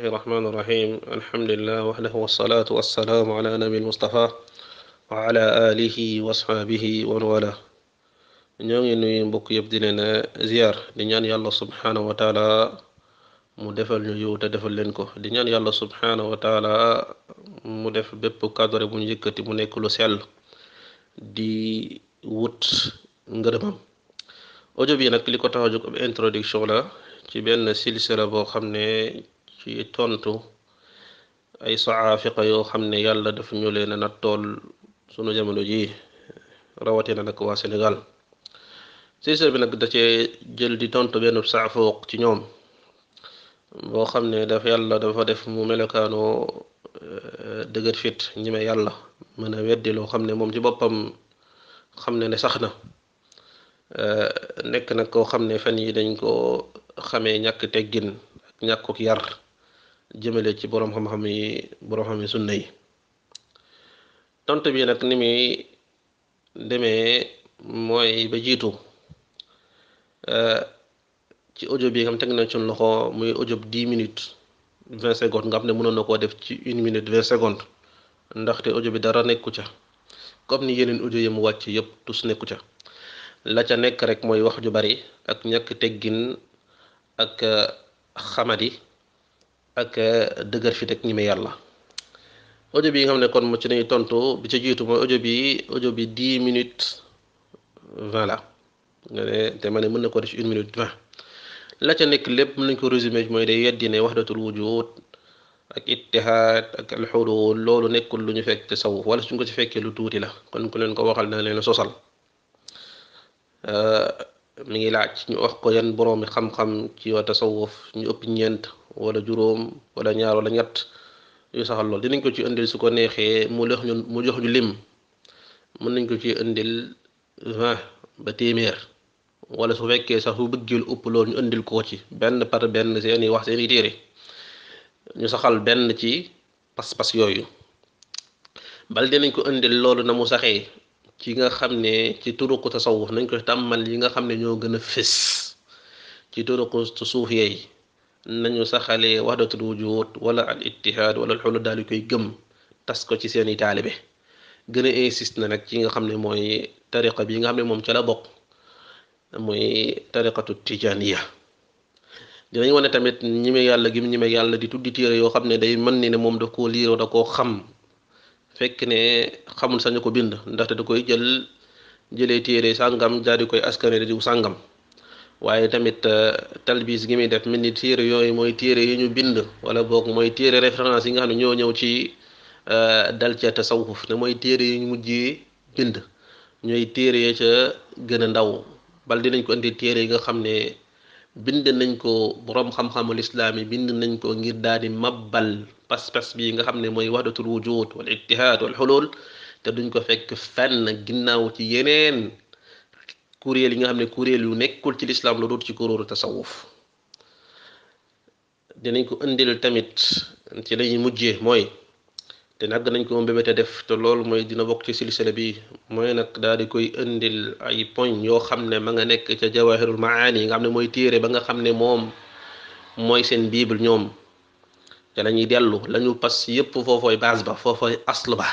الله الرحمن الرحيم الحمد لله وحده والصلاة والسلام على نبي المصطفى وعلى آله وصحبه ومن نعم نيو نوي مبوك زيار دي نيان سبحانه وتعالى مو ديفال نيو يوتا ديفال لين كو سبحانه وتعالى مدف ديف بيب كادوري بو نييكتي مو لو سيل دي ووت ngeureumam aujourd'hui nak liko taxaju ko introduction la ci ben silsila bo ci tontu ay saafiqa yoo xam ne yàlla daf ñu leen a nattool sunu jamono ji rawatina nag waa Sénégal Cissé bi nag da cee jël di tontu benn saafuq ci ñoom boo xam ne daf yàlla dafa def mu melokaanoo euh, dëgër fit ñi may yàlla mën a weddi loo xam ne moom ci boppam xam ne ne sax na euh, nekk nag koo xam ne fan yi dañ koo xamee ñàkk teggin ak ñàkkuk yar jëmale ci boroom xam-xam yi boroom xam yi sunna yi tont bi nag ni muy demee mooy ba jiitu euh, ci audio bi nga xam teg na ci loxo muy audio bi dix minutes vingt secondes nga xam ne mënoon na koo def ci une minute vingt secondes ndaxte audio bi dara nekku ca comme ni yeneen audio yi mu wàcc yépp tus nekku ca la ca nekk rek mooy wax ju bari ak ñàkk teggin ak euh, xamadi ak eh, dëgër fit ak ñime yàlla audio bi nga xam ne kon mu ci nañu tontu bi ci jiitu mooy audio bi audio bi dix minutes vingt la nga ne te ma ne mën na ko def ci une nekk lépp mën nañ ko résumé mooy day yeddi ne waxdatul wujud ak ittihaad ak alxulul loolu nekkul lu ñu fekk te saw wala suñ ko ci fekkee lu tuuti la kon ku leen ko waxal na leen sosal eh, mi ngi laaj ñu wax ko yan boroomi xam-xam ci wa tasawuf ñu ëpp ñeent wala juróom wala ñaar wala ñett yu saxal lool dinañ ko ci indil su ko neexee mu jox ñu mu jox ñu lim mën nañ ko ci indil vingt ba téeméer wala su fekkee sax su bëggee ëpp loolu ñu indil ko ci benn par benn seeni wax seeni téere ñu saxal benn ci pas-pas yooyu bal dinañ ko indil loolu na mu saxee ci nga xam ne ci turuqu tasawuf nañ ko tàmmal yi nga xam ne ñoo gën a fës ci turuqu suuf yeey nañu saxalee wahdatul wujud wala al ittihaad wala al xulu daal di koy gëm tas ko ci seen seeni bi gën a insiste na nag ci nga xam ne mooy tariqa bi nga xam ne moom ca la bokk mooy tariqatu tijaniya dinañ wane tamit ñime yàlla gim ñime yàlla di tuddi téere yoo xam ne day mën ni ne moom da ko liiroo da koo xam fekk ne xamul sañu ko bind ndaxte da koy jël jëlee téere sàngam daal di koy askane diw sàngam waaye tamit euh, talbis gi muy def mel ni téere yooyu mooy téere yi ñu bind wala boog mooy téere référence yi nga xam ne ñoo ñëw ci euh, dal ca tasawuf te mooy téere yi ñu mujjee bind ñooy téere ya ca gën a ndaw bal dinañ ko indi téere yi nga xam ne bind nañ ko borom xam-xamul islaam yi bind nañ ko ngir daal di mabbal pas-pas bi nga xam ne mooy wahdatul wujud wal ittihaad wal xulul te duñ ko fekk fenn ginnaaw ci yeneen kuréel yi nga xam ne kuréel yu nekkul ci lislaam la dootu ci kuréelu tasawuf dinañ ko indil tamit ci lañuy mujjee mooy te nag nañ ko mbébéte def te loolu mooy dina bokk ci silsila bi mooy nag daal di koy indil ay poñ yoo xam ne ma nga nekk ca jawahirul maani yi nga xam ne mooy téere ba nga xam ne moom mooy seen bible ñoom te la dellu lañu pas yépp foofooy baas ba foofooy asl ba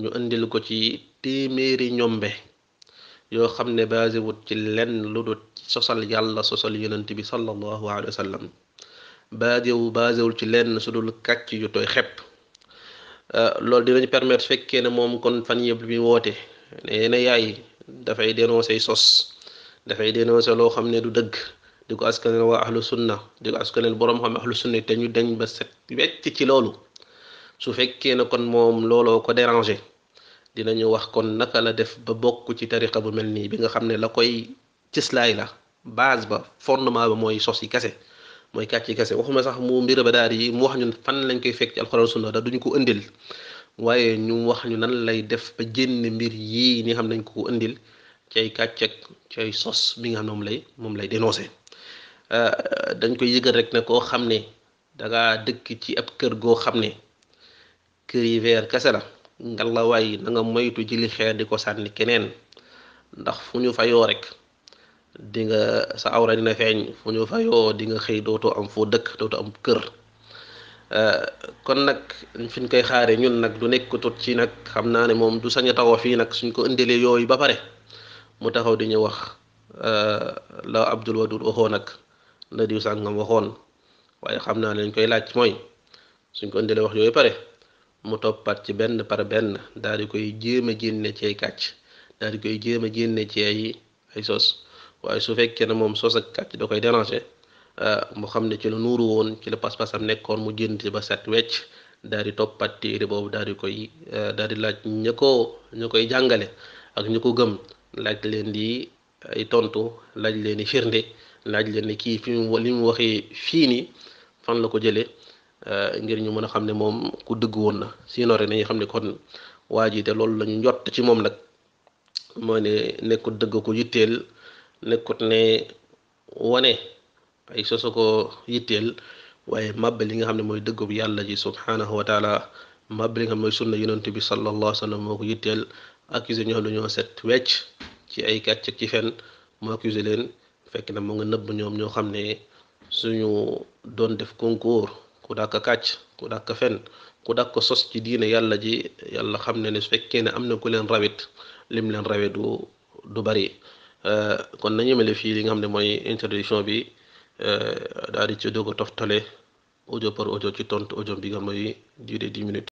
ñu indil ko ci téeméeri ñombe yoo xam ne basé wut ci lenn lu dul sosal yàlla sosal yonent bi sallallahu alayhi wa sallam basé wul ci lenn su dul kàcc yu tooy xepp loolu dinañ permettre fekkee ne moom kon fan yëpp bi woote nee na yaay dafay dénoncer sos dafay dénoncer loo xam ne du dëgg di ko askaneel waa ahlu sunna di ko askaneel boroom xam ahlu sunna te ñu dañ ba set wecc ci loolu su fekkee ne kon moom looloo ko déranger dinañu wax kon naka la def ba bokk ci tariqa bu mel nii bi nga xam ne la koy cislaay la base ba fondement ba mooy sos yi kase mooy kàcc yi kese waxuma sax mu mbir ba daal yi mu wax ñun fan lañ koy fekk ci alxuraan sunna da duñ waaye ñu wax ñu nan lay def ba jénn mbir yii ni xam nañ ko ko indil cay kàcc ak cay sos bi nga xam ne moom lay moom lay dénoncé euh, dañ koy yëgal rek ne koo xam ne dangaa dëkk ci ab kër goo xam ne kër yi weer kese la ngalawaay na nga moytu jili xeer di ko sànni keneen ndax fu ñu fayoo rek di nga sa awra dina feeñ fu ñu fayoo di nga xëy dootoo am foo dëkk dootoo am kër euh, kon nag fi ñu koy xaare ñun nag du nekk tut ci nag xam naa ne moom du sañ a tawa fii nag suñ ko indilee yooyu ba pare mu taxaw di ñu wax euh, la Abdul Wadud waxoon nag la diw sàngam waxoon waaye xam naa ne ñu koy laaj mooy suñ ko indilee wax yooyu pare mu toppat ci benn par benn daal di koy jéem a génne ci ay kàcc daal di koy jéem a génne ci ay ay sos waaye su fekkee ne moom sos ak kàcc da koy déranger ah, moo xam ne ci la nuuru woon ci la pas-pasam nekkoon mu jënd ba set wecc daal di toppat téere boobu daal di koy ah, daal di laaj ñu ko ñu koy jàngale ak ñu ko gëm laaj leen di ay tontu laaj leen di firnde laaj leen ni kii fi mu li mu waxee fii nii fan la ko jëlee. Euh, ngir ñu mën a xam ne moom ku dëgg woon na sinon rek nañu xam ne kon waa ji de loolu la ñu njott ci moom nag mooy ne nekkut dëgg ko yitteel nekkut ne wane ay soso ko yitteel waaye màbb li nga xam ne mooy dëggub yàlla ji subhaanahu wa taala màbb li nga xam ne mooy sunna yonent bi sallallahu alayhi wa sallam moo ko yitteel accusé ñoo xam ne ñoo set wecc ci ay kàcc ci fen mu accusé leen fekk na mu nga nëbb ñoom ñoo xam ne suñu doon def concours ku dàq kàcc ku dàq fen ku dàq ko sos ci diine yàlla ji yàlla xam ne ne su fekkee ne am na ku leen rawit lim leen rawee du du bari euh, kon nañu mel fii li nga xam ne mooy introduction bi euh, daal di ci doog a toftale audio par audio ci tontu audio bi nga mooy durée dix minutes.